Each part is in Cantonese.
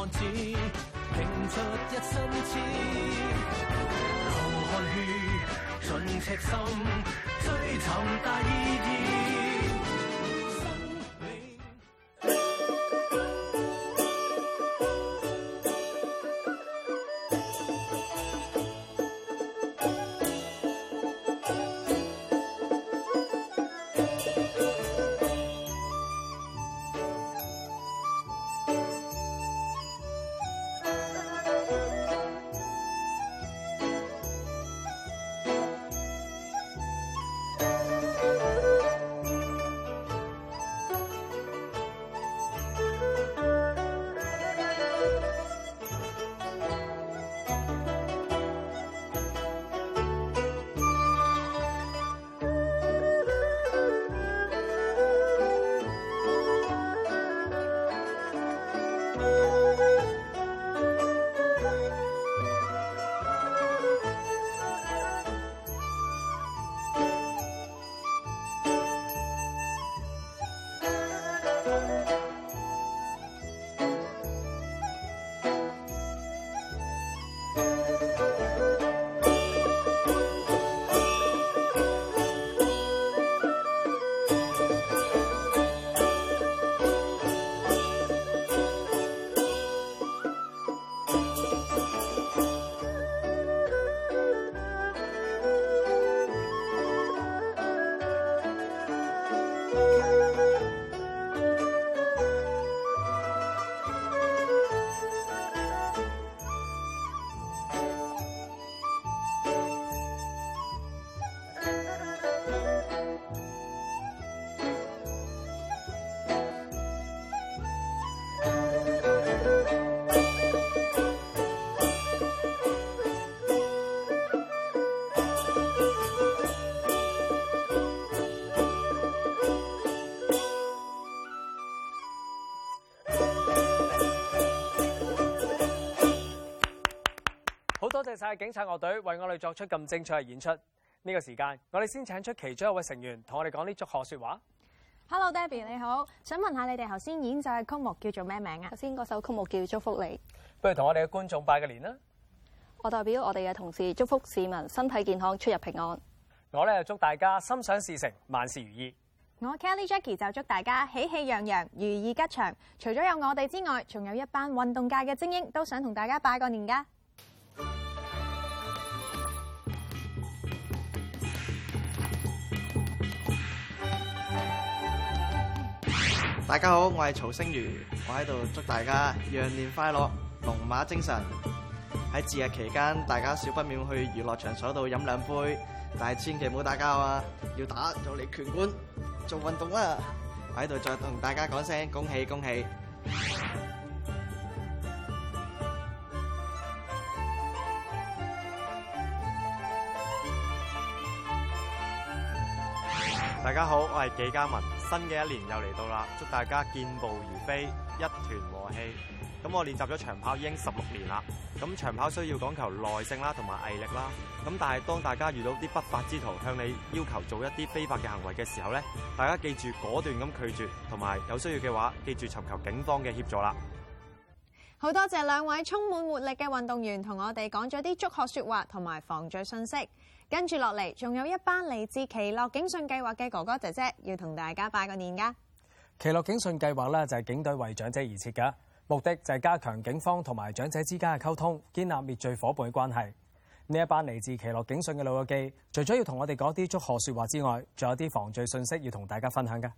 漢子拼出一身刺，流汗血，盡赤心，追尋大義。晒警察樂隊為我哋作出咁精彩嘅演出。呢個時間，我哋先請出其中一位成員同我哋講啲祝賀說話。Hello，Debbie 你好，想問下你哋頭先演奏嘅曲目叫做咩名啊？頭先嗰首曲目叫《祝福你》，不如同我哋嘅觀眾拜個年啦。我代表我哋嘅同事祝福市民身體健康、出入平安。我咧就祝大家心想事成、萬事如意。我 Kelly Jackie 就祝大家喜氣洋洋、如意吉祥。除咗有我哋之外，仲有一班運動界嘅精英都想同大家拜個年噶。大家好，我係曹星如，我喺度祝大家羊年快樂，龍馬精神。喺節日期間，大家少不免去娛樂場所度飲兩杯，但係千祈唔好打交啊！要打就嚟拳館做運動啦、啊。我喺度再同大家講聲恭喜恭喜。恭喜大家好，我係紀嘉文。新嘅一年又嚟到啦，祝大家健步如飛，一團和氣。咁我練習咗長跑已經十六年啦。咁長跑需要講求耐性啦，同埋毅力啦。咁但係當大家遇到啲不法之徒向你要求做一啲非法嘅行為嘅時候咧，大家記住果斷咁拒絕，同埋有，有需要嘅話，記住尋求警方嘅協助啦。好多謝兩位充滿活力嘅運動員同我哋講咗啲祝賀說話同埋防罪信息。跟住落嚟，仲有一班嚟自耆樂警訊計劃嘅哥哥姐姐要同大家拜個年噶。耆樂警訊計劃咧就係警隊為長者而設噶，目的就係加強警方同埋長者之間嘅溝通，建立滅罪伙伴嘅關係。呢一班嚟自耆樂警訊嘅老友記，除咗要同我哋講啲祝賀說話之外，仲有啲防罪信息要同大家分享噶。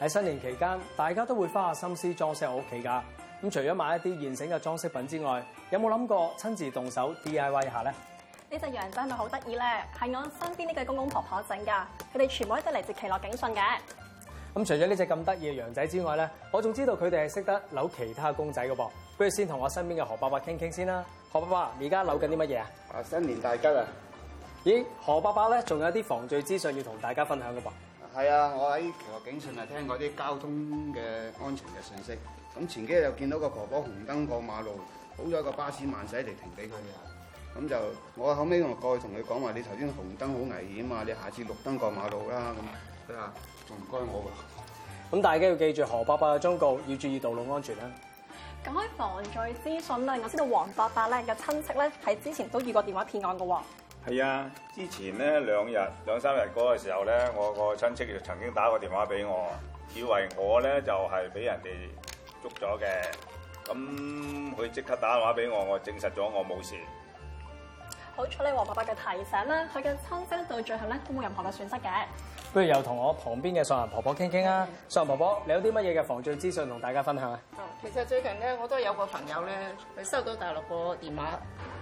喺新年期間，大家都會花下心思裝飾我屋企噶。咁除咗買一啲現成嘅裝飾品之外，有冇諗過親自動手 D I Y 一下咧？呢隻羊仔係咪好得意咧？係我身邊呢個公公婆婆整噶，佢哋全部都係嚟自奇樂警訊嘅。咁除咗呢隻咁得意嘅羊仔之外咧，我仲知道佢哋係識得扭其他公仔噶噃。不如先同我身邊嘅何伯伯傾傾先啦。何伯伯，而家扭緊啲乜嘢啊？啊，新年大吉啊！咦，何伯伯咧，仲有啲防罪資訊要同大家分享噶噃？係啊，我喺奇樂警訊啊，聽過啲交通嘅安全嘅信息。咁前幾日又見到個婆婆紅燈過馬路，好彩個巴士慢駛嚟停俾佢啊！咁就我後尾我過去同佢講話，你頭先紅燈好危險啊！你下次綠燈過馬路啦咁啊，仲唔該我㗎。咁大家要記住，何伯伯嘅忠告，要注意道路安全啦、啊。講開防罪資訊咧，我知道黃伯伯咧嘅親戚咧喺之前都遇過電話騙案嘅喎。係啊，之前咧兩日兩三日嗰個時候咧，我個親戚就曾經打過電話俾我，以為我咧就係、是、俾人哋捉咗嘅。咁佢即刻打電話俾我，我證實咗我冇事。好彩你黃伯伯嘅提醒啦，佢嘅親戚到最後咧都冇任何嘅損失嘅。不如又同我旁邊嘅上行婆婆傾傾啊，嗯、上行婆婆，你有啲乜嘢嘅防罪資訊同大家分享啊、嗯？其實最近咧我都有個朋友咧，佢收到大陸個電話，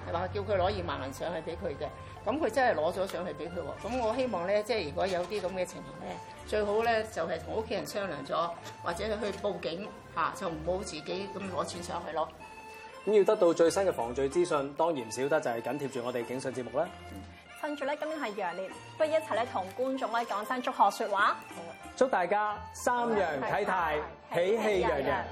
係話叫佢攞二萬蚊上去俾佢嘅，咁佢真係攞咗上去俾佢喎。咁我希望咧，即係如果有啲咁嘅情形咧，最好咧就係同屋企人商量咗，或者去報警，吓、啊、就唔好自己咁攞錢上去咯。咁要得到最新嘅防罪資訊，當然唔少得就係緊貼住我哋警訊節目啦。趁住咧，今年係羊年，不如一齊咧同觀眾咧講聲祝賀説話，祝大家三羊啟泰，喜氣洋洋。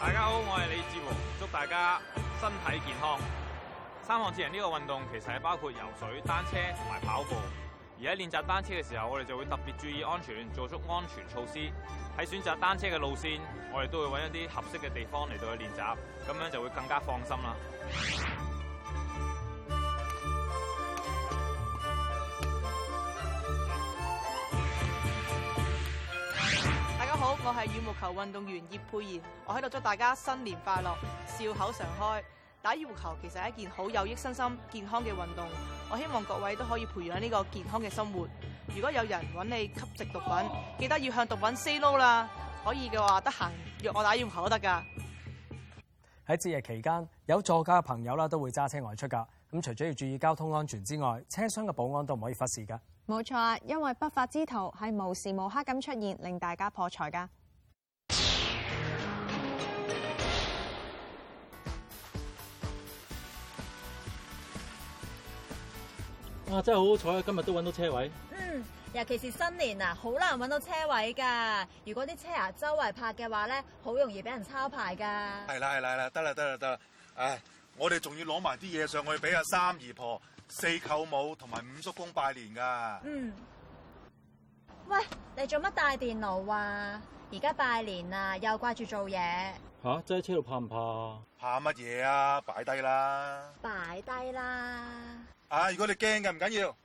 大家好，我係李志豪，祝大家身體健康。三項鐵人呢個運動其實係包括游水、單車同埋跑步。而喺練習單車嘅時候，我哋就會特別注意安全，做足安全措施。喺選擇單車嘅路綫，我哋都會揾一啲合適嘅地方嚟到去練習，咁樣就會更加放心啦。大家好，我係羽毛球運動員葉姵延，我喺度祝大家新年快樂，笑口常開。打羽毛球其實係一件好有益身心健康嘅運動，我希望各位都可以培養呢個健康嘅生活。如果有人揾你吸食毒品，記得要向毒品 say no 啦。可以嘅話，得閒約我打羽毛球都得㗎。喺節日期間，有座駕嘅朋友啦都會揸車外出㗎。咁除咗要注意交通安全之外，車廂嘅保安都唔可以忽視㗎。冇錯，因為不法之徒係無時無刻咁出現，令大家破財㗎。哇、啊！真係好好彩，今日都揾到車位。嗯，尤其是新年啊，好難揾到車位噶。如果啲車啊周圍泊嘅話咧，好容易俾人抄牌噶。係啦係啦係啦，得啦得啦得啦。唉，我哋仲要攞埋啲嘢上去俾阿三姨婆、四舅母同埋五叔公拜年噶。嗯。喂，你做乜帶電腦啊？而家拜年啊，又掛住做嘢。吓，真喺車度怕唔怕？怕乜嘢啊？擺低啦。擺低啦。啊！如果你驚嘅唔緊要，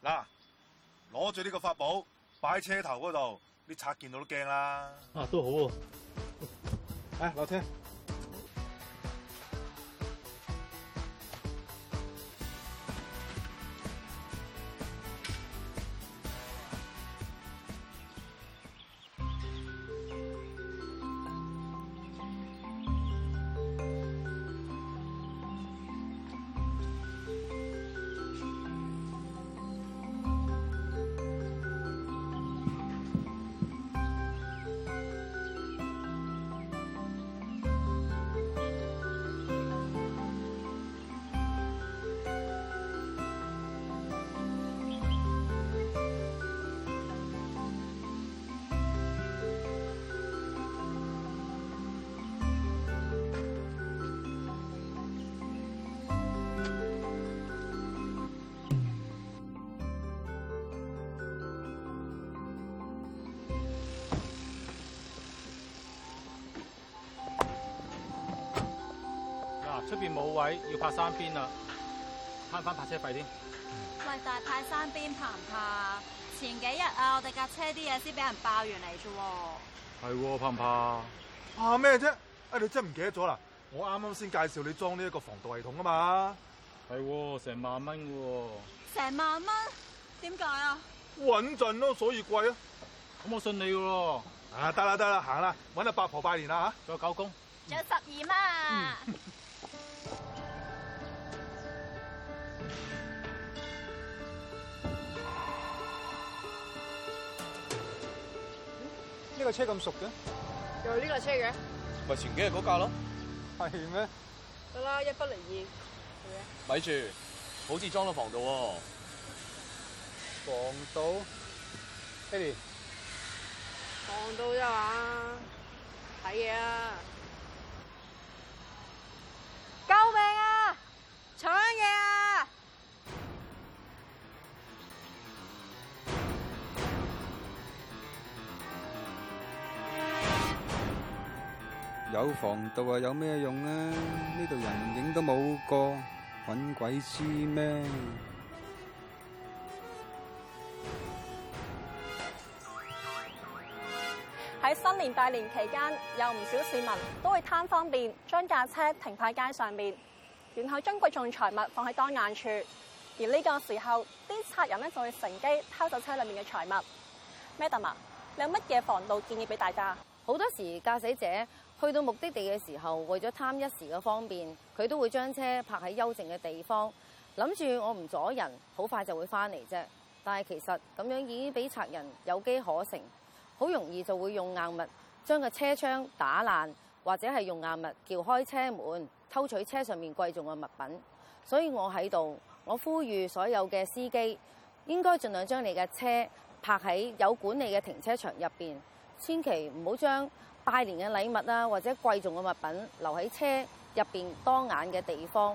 嗱，攞住呢個法寶擺喺車頭嗰度，啲賊見到都驚啦。啊，都好喎、啊，哎、啊，落車！出邊冇位，要泊山邊啦，慳翻泊車費添。喂，大太山邊怕唔怕？前幾日啊，我哋架車啲嘢，先俾人爆完嚟啫。係、啊，怕唔怕？怕咩啫？啊，你真係唔記得咗啦！我啱啱先介紹你裝呢一個防盜系統啊嘛。係，成萬蚊嘅。成萬蚊？點解啊？穩陣咯，所以貴啊。咁我信你嘅啊，得啦得啦，行啦，搵阿八婆拜年啦吓，仲有九公，仲、嗯、有十二媽。嗯呢個車咁熟嘅，又係呢個車嘅，咪前幾日嗰架咯，係咩嗎？得啦，一不離二，咪住，好似裝咗防盜喎，防盜，Honey，防盜啫嘛，係啊。有防盜啊，有咩用啊？呢度人影都冇個，搵鬼知咩？喺新年拜年期間，有唔少市民都會貪方便，將架車停喺街上面，然後將貴重財物放喺當眼處。而呢個時候，啲賊人咧就會乘機偷走車裏面嘅財物。Madam，你有乜嘢防盜建議俾大家？好多時駕駛者。去到目的地嘅時候，為咗貪一時嘅方便，佢都會將車泊喺幽靜嘅地方，諗住我唔阻人，好快就會翻嚟啫。但係其實咁樣已經俾賊人有機可乘，好容易就會用硬物將個車窗打爛，或者係用硬物撬開車門，偷取車上面貴重嘅物品。所以我喺度，我呼籲所有嘅司機應該盡量將你嘅車泊喺有管理嘅停車場入邊，千祈唔好將拜年嘅禮物啊，或者貴重嘅物品留喺車入邊當眼嘅地方。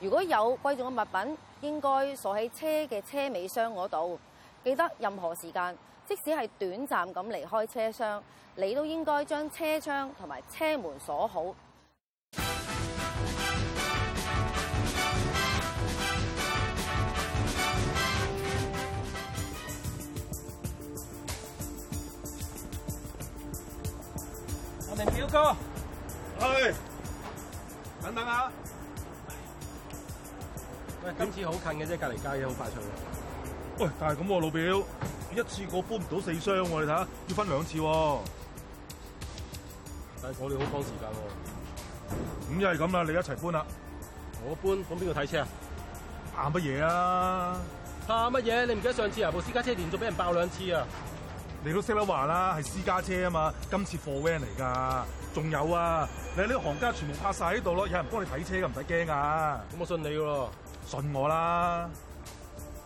如果有貴重嘅物品，應該鎖喺車嘅車尾箱嗰度。記得任何時間，即使係短暫咁離開車廂，你都應該將車窗同埋車門鎖好。我表哥，去喂等等下。喂，今次好近嘅啫，隔籬你街嘢好快脆。喂，但係咁喎老表，一次過搬唔到四箱喎、啊，你睇下，要分兩次、啊。但係我哋好趕時間喎。咁又係咁啦，你一齊搬啦、啊。我搬，咁邊度睇車啊？怕乜嘢啊？怕乜嘢？你唔記得上次啊？部私家車連續俾人爆兩次啊？你都識得話啦，係私家車啊嘛，今次貨 Van 嚟噶，仲有啊，你呢個行家全部拍晒喺度咯，有人幫你睇車嘅，唔使驚啊，咁我信你喎，信我啦。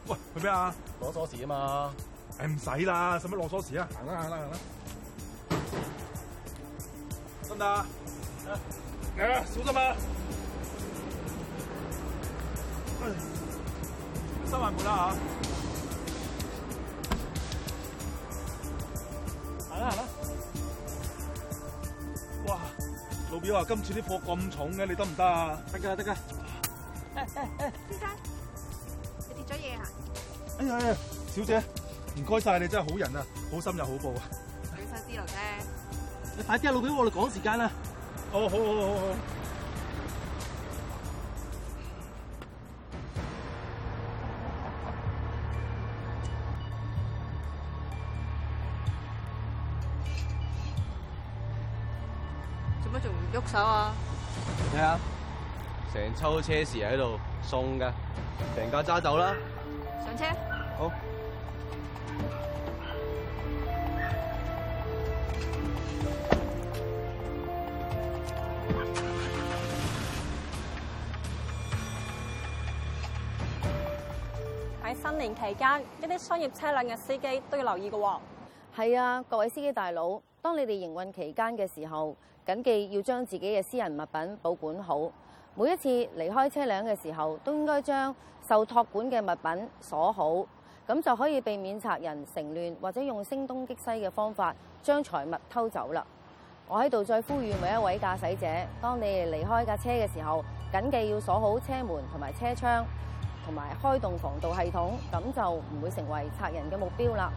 喂，去咩嗎啊？攞鎖匙啊嘛。誒，唔使啦，使乜攞鎖匙啊？行啦行啦行啦。等等。誒、啊，鎖咗未？嗯，收埋部啦嚇。你話今次啲貨咁重嘅，你得唔得啊？得㗎，得㗎。哎哎、先生，你跌咗嘢啊？哎呀，小姐，唔該晒你，真係好人啊，好心又好報啊。舉手之勞啫。你快啲啊，老表，我哋趕時間啦。哦，好好好好。哎上啊！睇啊。成抽車時喺度送嘅，成架揸走啦！上車。好。喺新年期間，一啲商業車輛嘅司機都要留意嘅。係啊，各位司機大佬。當你哋營運期間嘅時候，緊記要將自己嘅私人物品保管好。每一次離開車輛嘅時候，都應該將受託管嘅物品鎖好，咁就可以避免賊人乘亂或者用聲東擊西嘅方法將財物偷走啦。我喺度再呼籲每一位駕駛者，當你哋離開架車嘅時候，緊記要鎖好車門同埋車窗，同埋開動防盜系統，咁就唔會成為賊人嘅目標啦。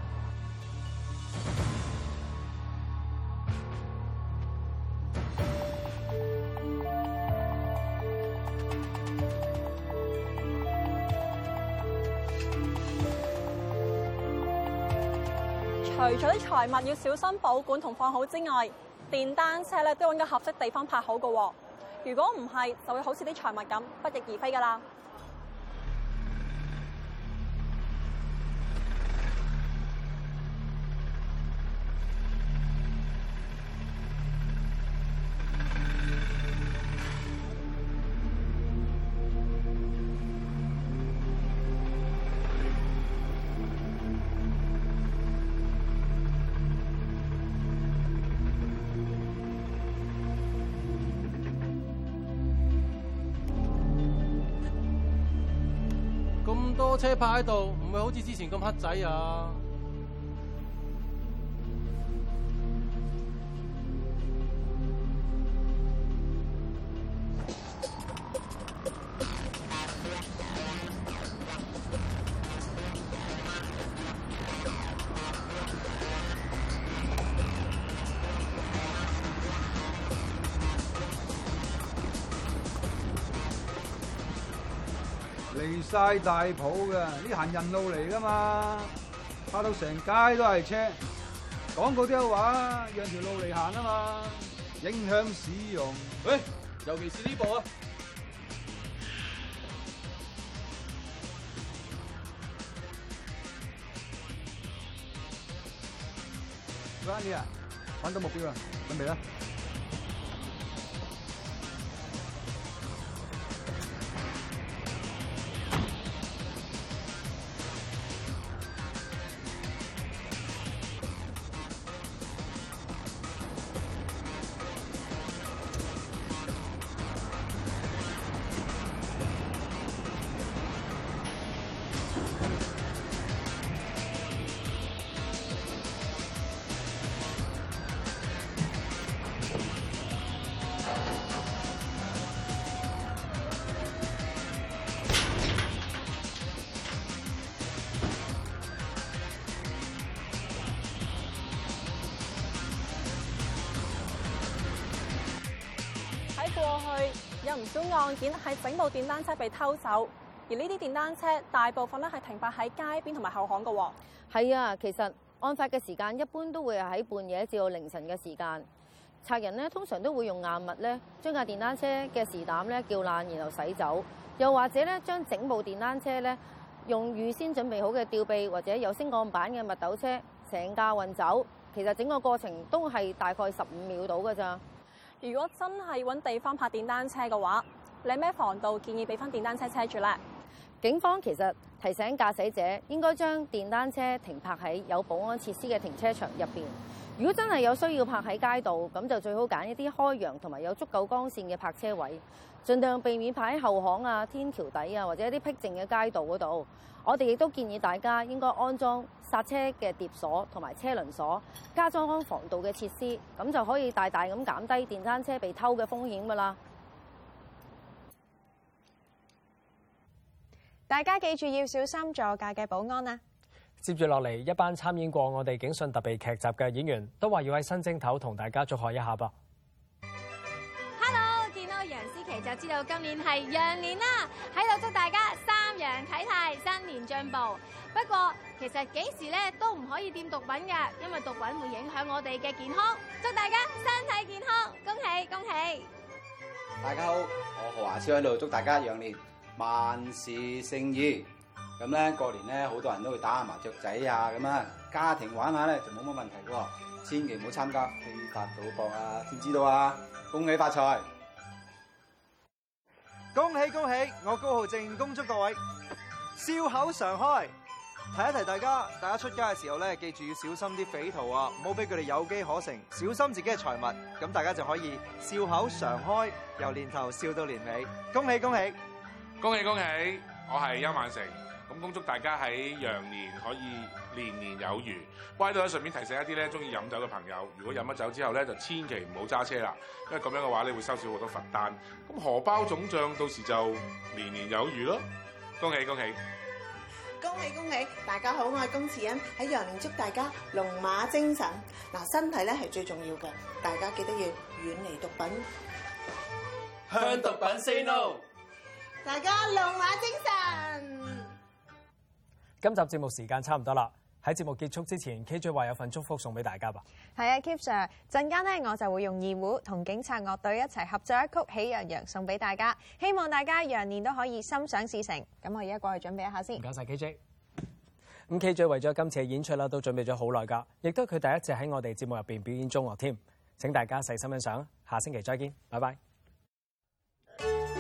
除咗啲財物要小心保管同放好之外，電單車咧都要揾個合適地方泊好嘅喎。如果唔係，就會好似啲財物咁，不翼而飛㗎喇。多車泊喺度，唔會好似之前咁黑仔啊！晒大鋪噶，呢行人路嚟噶嘛，怕到成街都係車，講過啲話，讓條路嚟行啊嘛，影響市容。喂，尤其是呢部啊，嗰啲啊，翻到目標啊，準備啦。唔少案件係整部電單車被偷走，而呢啲電單車大部分呢係停泊喺街邊同埋後巷噶、哦。係啊，其實案發嘅時間一般都會係喺半夜至到凌晨嘅時間，賊人呢通常都會用硬物呢將架電單車嘅匙膽呢撬爛，然後駛走，又或者呢將整部電單車呢用預先準備好嘅吊臂或者有升降板嘅密斗車成架運走。其實整個過程都係大概十五秒到嘅咋。如果真係搵地方泊電單車嘅話，你咩防盜建議俾翻電單車車住咧？警方其實提醒駕駛者應該將電單車停泊喺有保安設施嘅停車場入邊。如果真係有需要泊喺街道，咁就最好揀一啲開陽同埋有足夠光線嘅泊車位，盡量避免泊喺後巷啊、天橋底啊或者一啲僻靜嘅街道嗰度。我哋亦都建議大家應該安裝剎車嘅碟鎖同埋車輪鎖，加裝安防盜嘅設施，咁就可以大大咁減低電單車被偷嘅風險㗎喇。大家記住要小心座駕嘅保安啊！接住落嚟，一班參演過我哋《警訊特備劇集》嘅演員都話要喺新正頭同大家祝賀一下噃。Hello，見到楊思琦就知道今年係羊年啦，喺度祝大家三羊啟泰，新年進步。不過其實幾時咧都唔可以掂毒品噶，因為毒品會影響我哋嘅健康。祝大家身體健康，恭喜恭喜！大家好，我何華超喺度祝大家羊年萬事勝意。咁咧，過年咧，好多人都會打下麻雀仔啊！咁啊，家庭玩下咧就冇乜問題喎。千祈唔好參加非法賭博啊，知唔知道啊！恭喜發財！恭喜恭喜！我高浩正恭祝各位笑口常開。提一提大家，大家出街嘅時候咧，記住要小心啲匪徒啊，唔好俾佢哋有機可乘，小心自己嘅財物。咁大家就可以笑口常開，由年頭笑到年尾。恭喜恭喜，恭喜！恭喜恭喜！我係邱萬成。咁恭祝大家喺羊年可以年年有餘。咁喺度咧，順便提醒一啲咧中意飲酒嘅朋友，如果飲咗酒之後咧，就千祈唔好揸車啦，因為咁樣嘅話咧，你會收少好多罰單。咁荷包腫脹，到時就年年有餘咯。恭喜恭喜！恭喜恭喜，恭喜！大家好，我係龔慈恩，喺羊年祝大家龍馬精神。嗱，身體咧係最重要嘅，大家記得要遠離讀品毒品，向毒品 say no。大家龍馬精神！今集節目時間差唔多啦，喺節目結束之前，KJ 話有份祝福送俾大家吧。係啊 Keep Sir，陣間咧我就會用二胡同警察樂隊一齊合作一曲《喜洋洋》送俾大家，希望大家羊年都可以心想事成。咁我而家過去準備一下先。唔該晒 KJ。咁 KJ 為咗今次嘅演出啦，都準備咗好耐噶，亦都佢第一次喺我哋節目入邊表演中樂添，請大家細心欣賞。下星期再見，拜拜。嗯